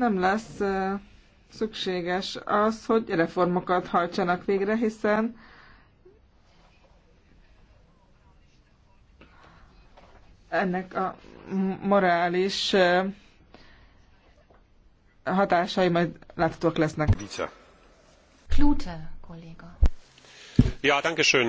nem lesz szükséges az, hogy reformokat hajtsanak végre, hiszen ennek a morális hatásai majd láthatóak lesznek. Klute kolléga. Ja, danke schön.